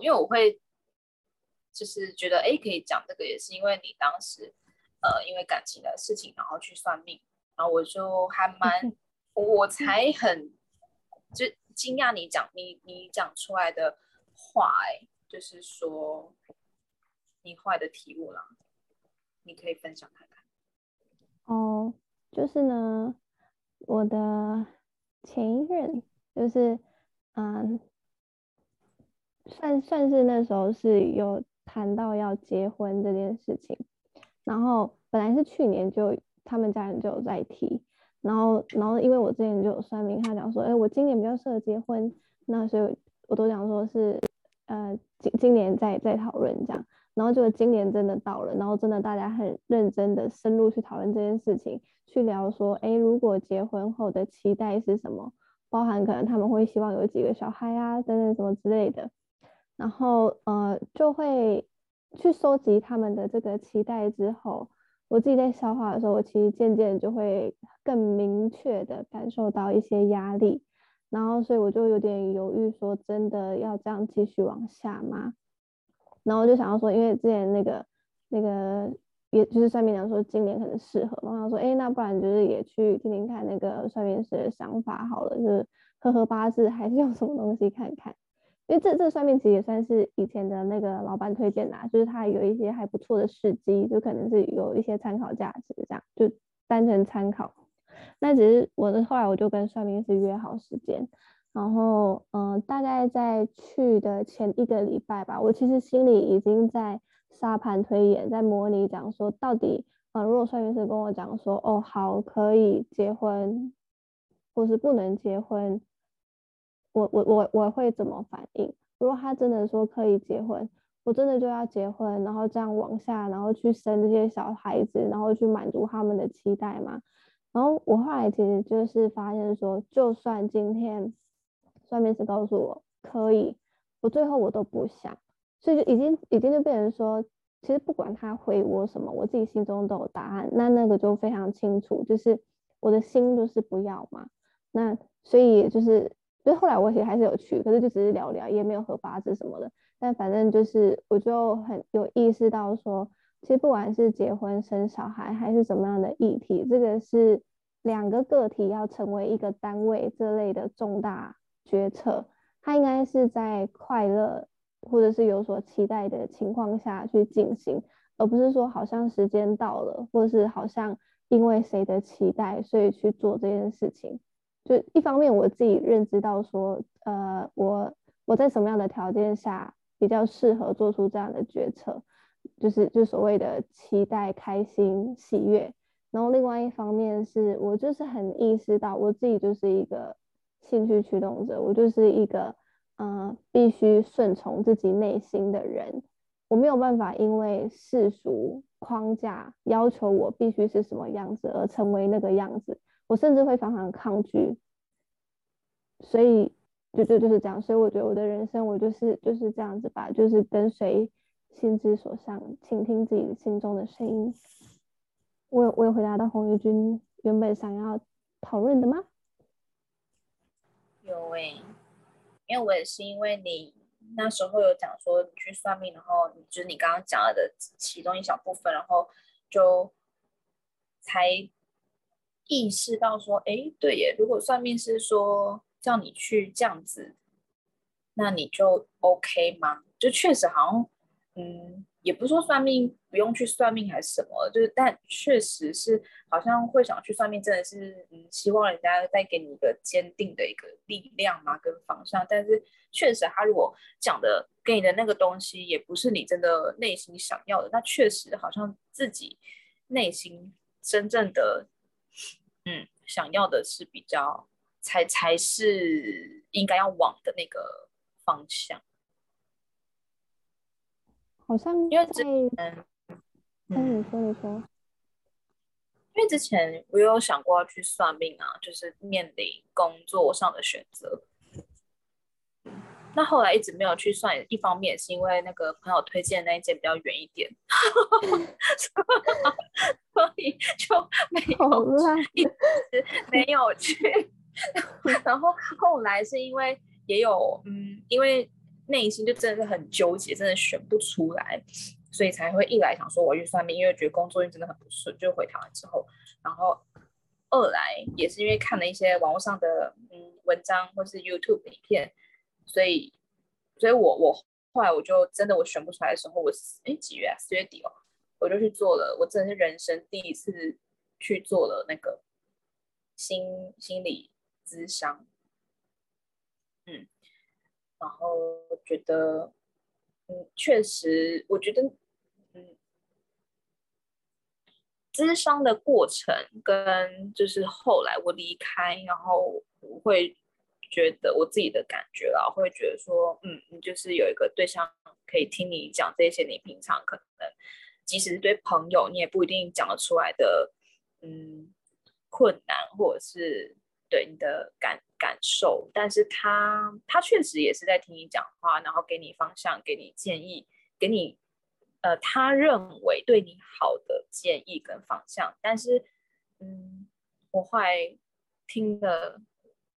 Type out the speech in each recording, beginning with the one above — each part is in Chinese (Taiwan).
因為我會，就是覺得哎，可以講這個，也是因為你當時，呃，因為感情的事情，然後去算命，然後我就還蠻，我，我才很，就驚訝你講你你講出來的話，哎，就是說，你壞的題目啦，你可以分享看看。哦，就是呢，我的前一任就是嗯。算算是那時候是有談到要結婚這件事情，然後本來是去年就他們家人就有在提，然後然後因為我之前就有算命，他講說，哎、欸，我今年比較適合結婚，那所以我都想說是，呃，今今年再再討論這樣，然後就今年真的到了，然後真的大家很認真的深入去討論這件事情，去聊說，哎、欸，如果結婚後的期待是什麼，包含可能他們會希望有幾個小孩啊，等等什麼之類的。然後呃，就會去收集他們的這個期待之後，我自己在消化的時候，我其實漸漸就會更明確地感受到一些壓力。然後，所以我就有點猶豫，說真的要這樣繼續往下嗎？然後我就想要說，因為之前那個那個，也就是算命講說今年可能適合，然後說，哎，那不然就是也去聽聽看那個算命師的想法好了，就是合合八字還是用什麼東西看看。因為這這算命師，也算是以前的那個老闆推薦的，就是他有一些還不錯的事蹟，就可能是有一些參考價值這樣，就單純參考。那只是我的後來，我就跟算命師約好時間，然後嗯、呃，大概在去的前一個禮拜吧，我其實心裡已經在沙盤推演，在模擬講說到底，呃，如果算命師跟我講說哦好可以結婚，或是不能結婚。我我我我會怎麼反應？如果他真的說可以結婚，我真的就要結婚，然後這樣往下，然後去生這些小孩子，然後去滿足他們的期待嗎？然後我後來其實就是發現說，就算今天算命師告訴我可以，我最後我都不想，所以就已經已經就變成說，其實不管他回我什麼，我自己心中都有答案。那那個就非常清楚，就是我的心就是不要嘛。那所以就是。所以後來我也還是有去，可是就只是聊聊，也沒有合八字什麼的。但反正就是，我就很有意識到說，其實不管是結婚、生小孩，還是什麼樣的議題，這個是兩個個體要成為一個單位這類的重大決策，它應該是在快樂或者是有所期待的情況下去進行，而不是說好像時間到了，或者是好像因為誰的期待，所以去做這件事情。就一方面，我自己認知到說，呃，我我在什麼樣的條件下比較適合做出這樣的決策，就是就所謂的期待開心喜悅。然後另外一方面是我就是很意識到我自己就是一個興趣驅動者，我就是一個嗯、呃、必須順從自己內心的人，我沒有辦法因為世俗框架要求我必須是什麼樣子而成為那個樣子。我甚至會反抗抗拒，所以就就就是這樣，所以我覺得我的人生我就是就是這樣子吧，就是跟隨心之所向，傾聽自己心中的聲音。我我有回答到紅玉君原本想要討論的嗎？有哎、欸，因為我也是因為你那時候有講說你去算命，然後就是你剛剛講了的其中一小部分，然後就才。意識到說，誒，對耶，如果算命是說叫你去這樣子，那你就 OK 嗎？就確實好像，嗯，也不是說算命不用去算命還是什麼，就是但確實是好像會想去算命，真的是、嗯、希望人家帶給你的堅定的一個力量嘛，跟方向。但是確實，他如果講的給你的那個東西，也不是你真的內心想要的，那確實好像自己內心真正的。嗯，想要的是比較，才才是應該要往的那個方向，好像因為之前，嗯嗯，說因為之前我有想過要去算命啊，就是面臨工作上的選擇。那後來一直沒有去算，一方面是因為那個朋友推薦那一件比較遠一點，所 以所以就沒有了，一直沒有去。 然後後來是因為也有嗯，因為內心就真的是很糾結，真的選不出來，所以才會一來想說我去算命，因為覺得工作運真的很不順，就回台灣之後，然後二來也是因為看了一些網絡上的嗯文章或是 YouTube 的影片。所以，所以我我後來我就真的我選不出來的時候，我哎幾月啊？四月底哦，我就去做了，我真的是人生第一次去做了那個心心理諮商，嗯，然後我覺得，嗯，確實，我覺得，嗯，諮商的過程跟就是後來我離開，然後我會。覺得我自己的感覺啊，我會覺得說，嗯，你就是有一個對象可以聽你講這些，你平常可能即使是對朋友，你也不一定講得出來的，嗯，困難或者是對你的感感受，但是他他確實也是在聽你講話，然後給你方向，給你建議，給你呃，他認為對你好的建議跟方向，但是嗯，我後來聽了。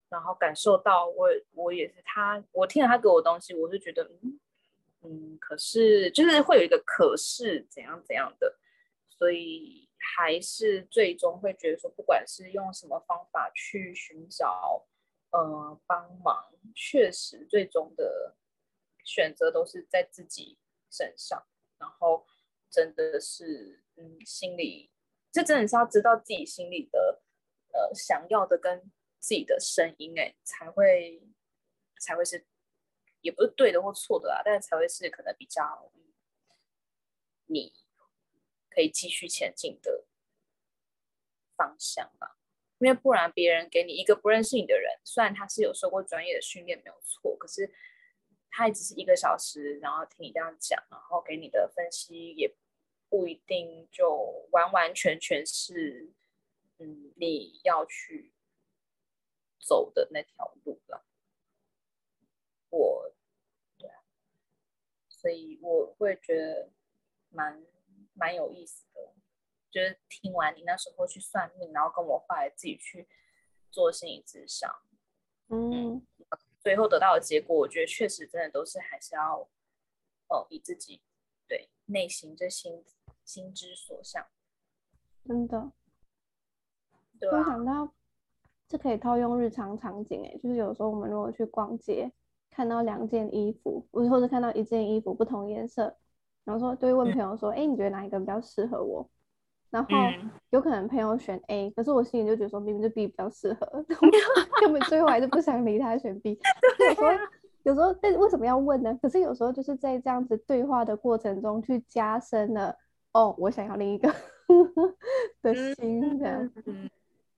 然後感受到我，我也是他，我聽了他給我的東西，我就覺得，嗯嗯，可是就是會有一個可是怎樣怎樣的，所以還是最終會覺得說，不管是用什麼方法去尋找，呃，幫忙，確實最終的選擇都是在自己身上，然後真的是，嗯，心裡，這真的是要知道自己心裡的，呃，想要的跟。自己的聲音哎，才會才會是，也不是對的或錯的啦，啊，但是才會是可能比較你可以繼續前進的方向吧，因為不然別人給你一個不認識你的人，雖然他是有受過專業的訓練沒有錯，可是他也只是一個小時，然後聽你這樣講，然後給你的分析也不一定就完完全全是，嗯，你要去。走的那條路了。我對、啊、所以我會覺得蠻蠻有意思的，就是聽完你那時候去算命，然後跟我後來自己去做心理諮商，嗯，嗯，最後得到的結果，我覺得確實真的都是還是要、哦、以自己對內心這心心之所向，真的，沒、啊、想到。這可以套用日常場景哎，就是有時候我們如果去逛街，看到兩件衣服，或者看到一件衣服不同顏色，然後就會問朋友說：“哎、嗯，你覺得哪一個比較適合我？”然後有可能朋友選 A，可是我心裡就覺得說明明就 B 比較適合，我根本最後還是不想理他選 B。 有時候，有時候，但為什麼要問呢？可是有時候就是在這樣子對話的過程中，去加深了哦，我想要另一個 的心的。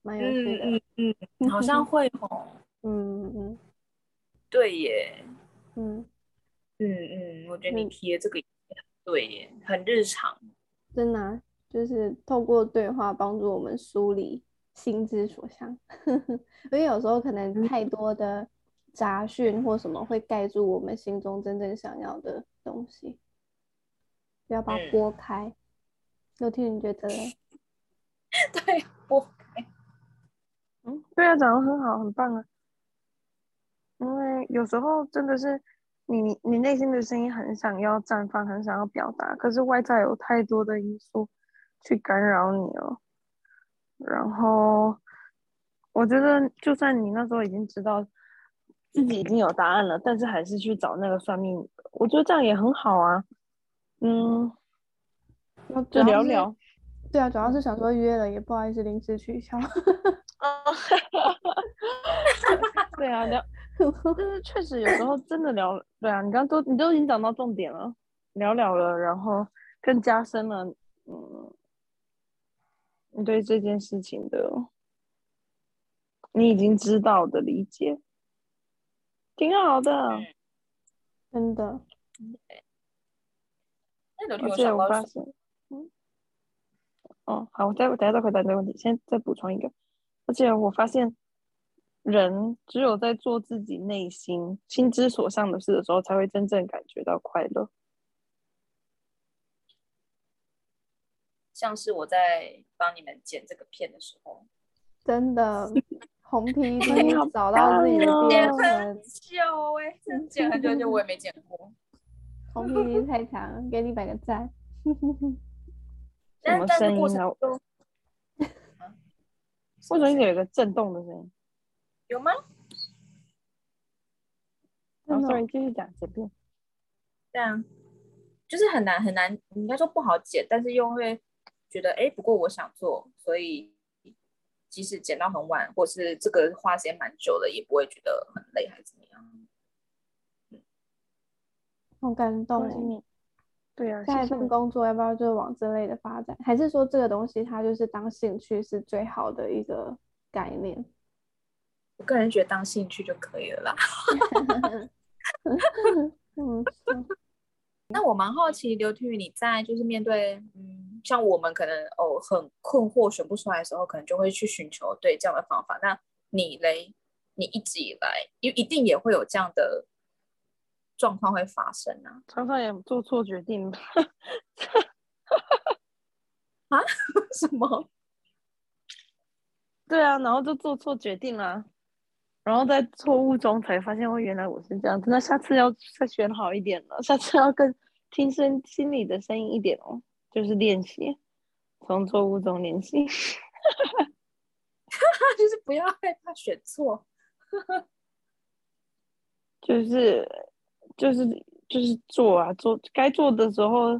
蠻有趣的，嗯嗯好像會吼、哦， 嗯嗯，對耶，嗯嗯嗯，嗯，我覺得你提的這個對耶，很日常，真的、啊，就是透過對話幫助我們梳理心之所向，因 為有時候可能太多的雜訊或什麼會蓋住我們心中真正想要的東西，不要把它撥開。有、嗯、聽你覺得、欸？ 對，撥。嗯，對啊，講得很好，很棒啊。因為有時候真的是你你你內心的聲音很想要綻放，很想要表達，可是外在有太多的因素去干擾你哦。然後我覺得，就算你那時候已經知道自己已經有答案了、嗯，但是還是去找那個算命，我覺得這樣也很好啊。嗯，就、嗯、聊聊。對啊，主要是想說約了也不好意思臨時取消。 啊哈哈哈哈哈！對啊，聊，但是確實有時候真的聊。 對啊，你剛剛都，你都已經講到重點了，聊聊了，然後更加深了，嗯，你對這件事情的，你已經知道的理解，挺好的， 真的。那種確實，我發現，嗯 ，哦，好，我再等下再回答你這個問題，先再補充一個。而且我發現，人只有在做自己內心心之所向的事的時候，才會真正感覺到快樂。像是我在幫你們剪這個片的時候，真的。紅皮皮找到自己的片了， 哎、很久哎、欸，真剪很久很久我也沒剪過。 紅皮太強，給你擺個讚。什麼聲音？為什麼一直有一個震動的聲音？有嗎？Sorry，繼續講這個。對啊，就是很難很難，應該說不好剪，但是又會覺得哎、欸，不過我想做，所以即使剪到很晚，或是這個花時間蠻久的，也不會覺得很累，還是怎麼樣？嗯，好感動。對啊，下一份工作要不要就往這類的發展，還是說這個東西它就是當興趣是最好的一個概念？我個人覺得當興趣就可以了啦。 那我蠻好奇劉天宇，你在就是面對嗯，像我們可能哦很困惑選不出來的時候，可能就會去尋求對這樣的方法。那你嘞？你一直以來又一定也會有這樣的？狀況會發生啊！常常也做錯決定， 啊？什麼？對啊，然後就做錯決定了。然後在錯誤中才發現哦，原來我是這樣子。那下次要再選好一點了，下次要更聽聽心裡的聲音一點哦，就是練習，從錯誤中練習， 就是不要害怕選錯， 就是。就是就是做啊做，該做的時候，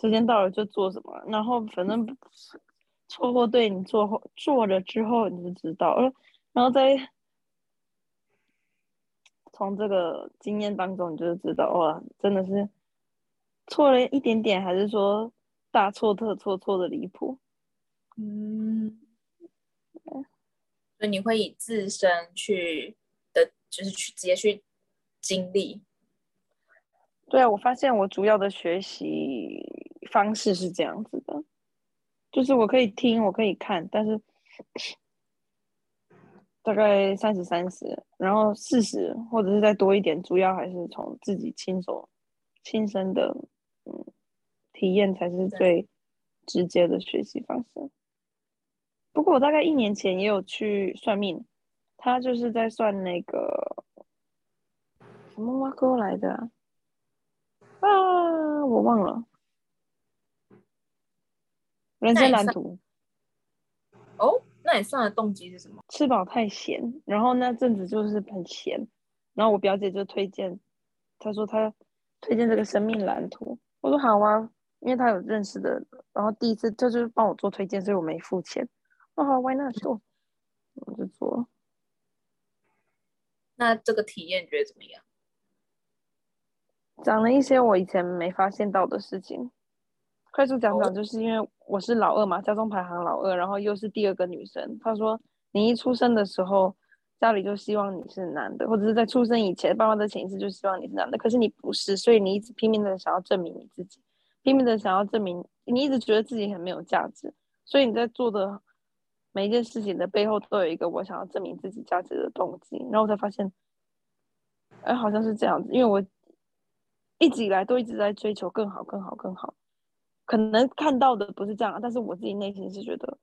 時間到了就做什麼。然後反正錯或對你錯，你做後做了之後你就知道了。然後再從這個經驗當中，你就知道，哇、哦啊，真的是錯了一點點，還是說大錯特錯，錯的離譜？嗯，所以你會以自身去的，就是去直接去經歷。對啊，我發現我主要的學習方式是這樣子的，就是我可以聽，我可以看，但是大概三十三十，然後四十或者是再多一點，主要還是從自己親手、親身的嗯體驗才是最直接的學習方式。不過我大概一年前也有去算命，他就是在算那個什麼挖溝來的、啊。啊，我忘了。人生藍圖。也算哦，那你上的動機是什麼？吃飽太閒，然後那陣子就是很閒，然後我表姐就推薦，她說她推薦這個生命藍圖，我說好啊，因為她有認識的，然後第一次她就是幫我做推薦，所以我沒付錢。哦好，好，Why not？我就做。那這個體驗你覺得怎麼樣？講了一些我以前沒發現到的事情，快速講講，就是因為我是老二嘛，家中排行老二，然後又是第二個女生。她說：“你一出生的時候，家裡就希望你是男的，或者是在出生以前，爸媽的潛意識就希望你是男的，可是你不是，所以你一直拼命的想要證明你自己，拼命的想要證明，你一直覺得自己很沒有價值，所以你在做的每一件事情的背後都有一個我想要證明自己價值的動機。”然後我才發現，哎，好像是這樣子，因為我。一直以來都一直在追求更好、更好、更好，可能看到的不是這樣啊，但是我自己內心是覺得，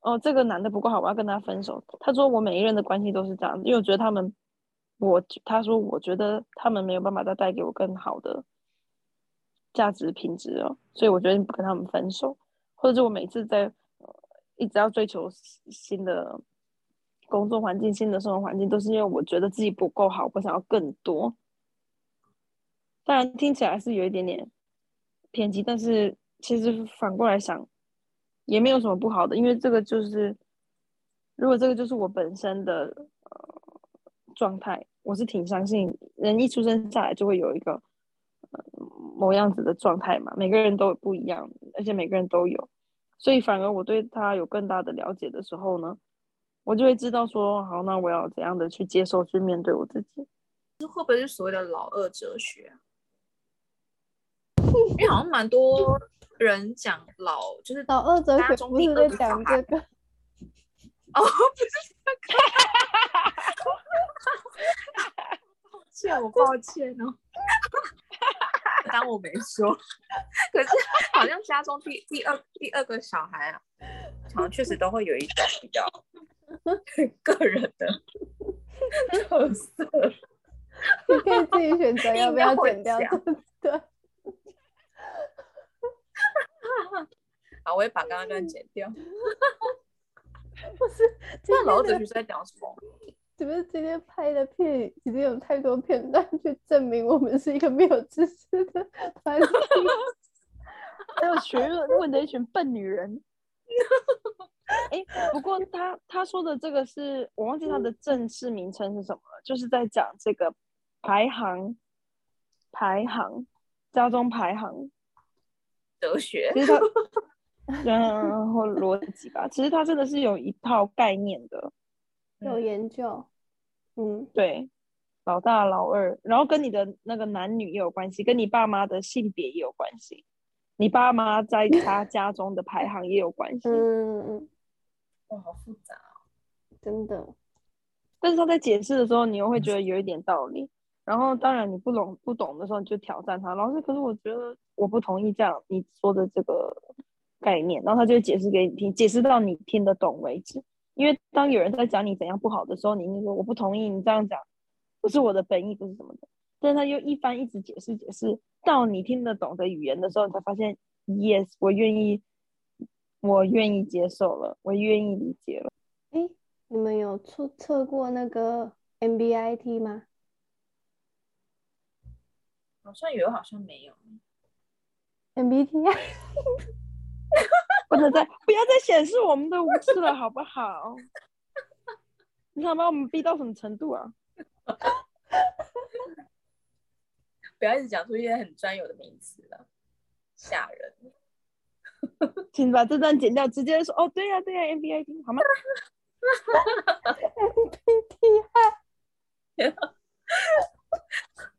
哦，這個男的不夠好，我要跟他分手。他說我每一任的關係都是這樣，因為我覺得他們，我他說我覺得他們沒有辦法再帶給我更好的價值品質哦，所以我決定不跟他們分手，或者是我每次在呃一直要追求新的工作環境、新的生活環境，都是因為我覺得自己不夠好，我想要更多。當然聽起來是有一點點偏激，但是其實反過來想，也沒有什麼不好的，因為這個就是，如果這個就是我本身的呃狀態，我是挺相信人一出生下來就會有一個嗯、呃、某樣子的狀態嘛，每個人都不一樣，而且每個人都有，所以反而我對他有更大的了解的時候呢，我就會知道說，好，那我要怎樣的去接受去面對我自己，這會不會是所謂的老二哲學啊？因為好像蠻多人講老，就是到二周時不是在講這個哦，不是，這個，抱 歉，我抱歉哦，當 我沒說。 可是好像家中第2， 第二第二個小孩啊，好像確實都會有一點比較個人的特 色，你可以自己選擇要不要剪掉要，對。 啊！我也把剛剛那段剪掉。 不是，那老者在講什麼？怎麼今天拍的片已經有太多片段去證明我們是一個沒有知識的團體 還有學問問的一群笨女人。哎、 欸，不過他他說的這個是我忘記他的正式名稱是什麼了，就是在講這個排行，排行，家中排行。哲學，其實嗯，然後邏 輯吧，其實他真的是有一套概念的，有研究嗯，嗯，對，老大老二，然後跟你的那個男女也有關係，跟你爸媽的性別也有關係，你爸媽在他家中的排行也有關係， 嗯嗯嗯、哦，好複雜哦，真的，但是他在解釋的時候，你又會覺得有一點道理。然後，當然，你不懂不懂的時候，你就挑戰他。老師，可是我覺得我不同意這樣你說的這個概念。然後他就解釋給你聽，解釋到你聽得懂為止。因為當有人在講你怎樣不好的時候，你你說我不同意你這樣講，不是我的本意，不是什麼的。但他又一番一直解釋解釋，到你聽得懂的語言的時候，你才發現，yes，我願意，我願意接受了，我願意理解了。哎，你們有測測過那個 MBIT 嗎？好、哦、好像有，好像沒有。MBTI， 不能再 不要再不要再顯示我們的無知了，好不好？你想把我們逼到什麼程度啊？ 不要一直講出一些很專有的名詞了，嚇人！ 請把這段剪掉，直接說哦，對呀，對呀，MBTI，好嗎 ？MBTI。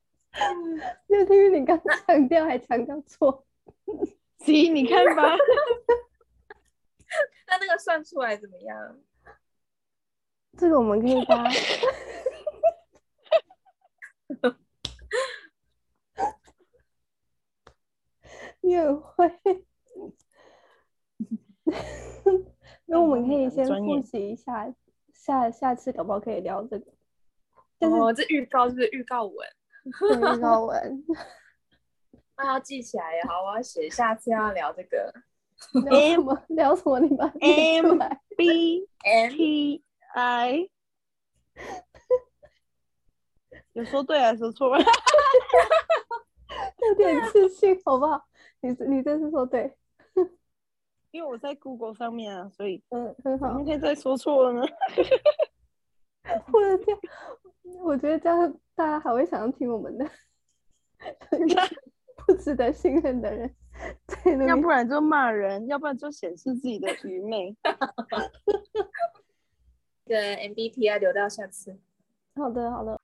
就因為你剛強調還強調錯，行，你看吧。 那那個算出來怎麼樣？這個我們可以加。 你很會。 那 我們可以先復習一下，嗯、下下次可不可以聊這個？就、哦、是我這預告是，是預告文。英文，那 要記起來呀。好，我要寫，下次要聊這個。M 聊什麼你？你們 M B T I， 有說對還是說錯？ 有點自信，好不好？你是你這次說對， 因為我在 Google 上面啊，所以嗯，很好。你那天在說錯了呢。 我的天啊！我覺得這樣大家還會想要聽我們的， 不值得信任的人，對，要不然就罵人，要不然就顯示自己的愚昧。對 ，MBTI 要留到下次。好的，好的。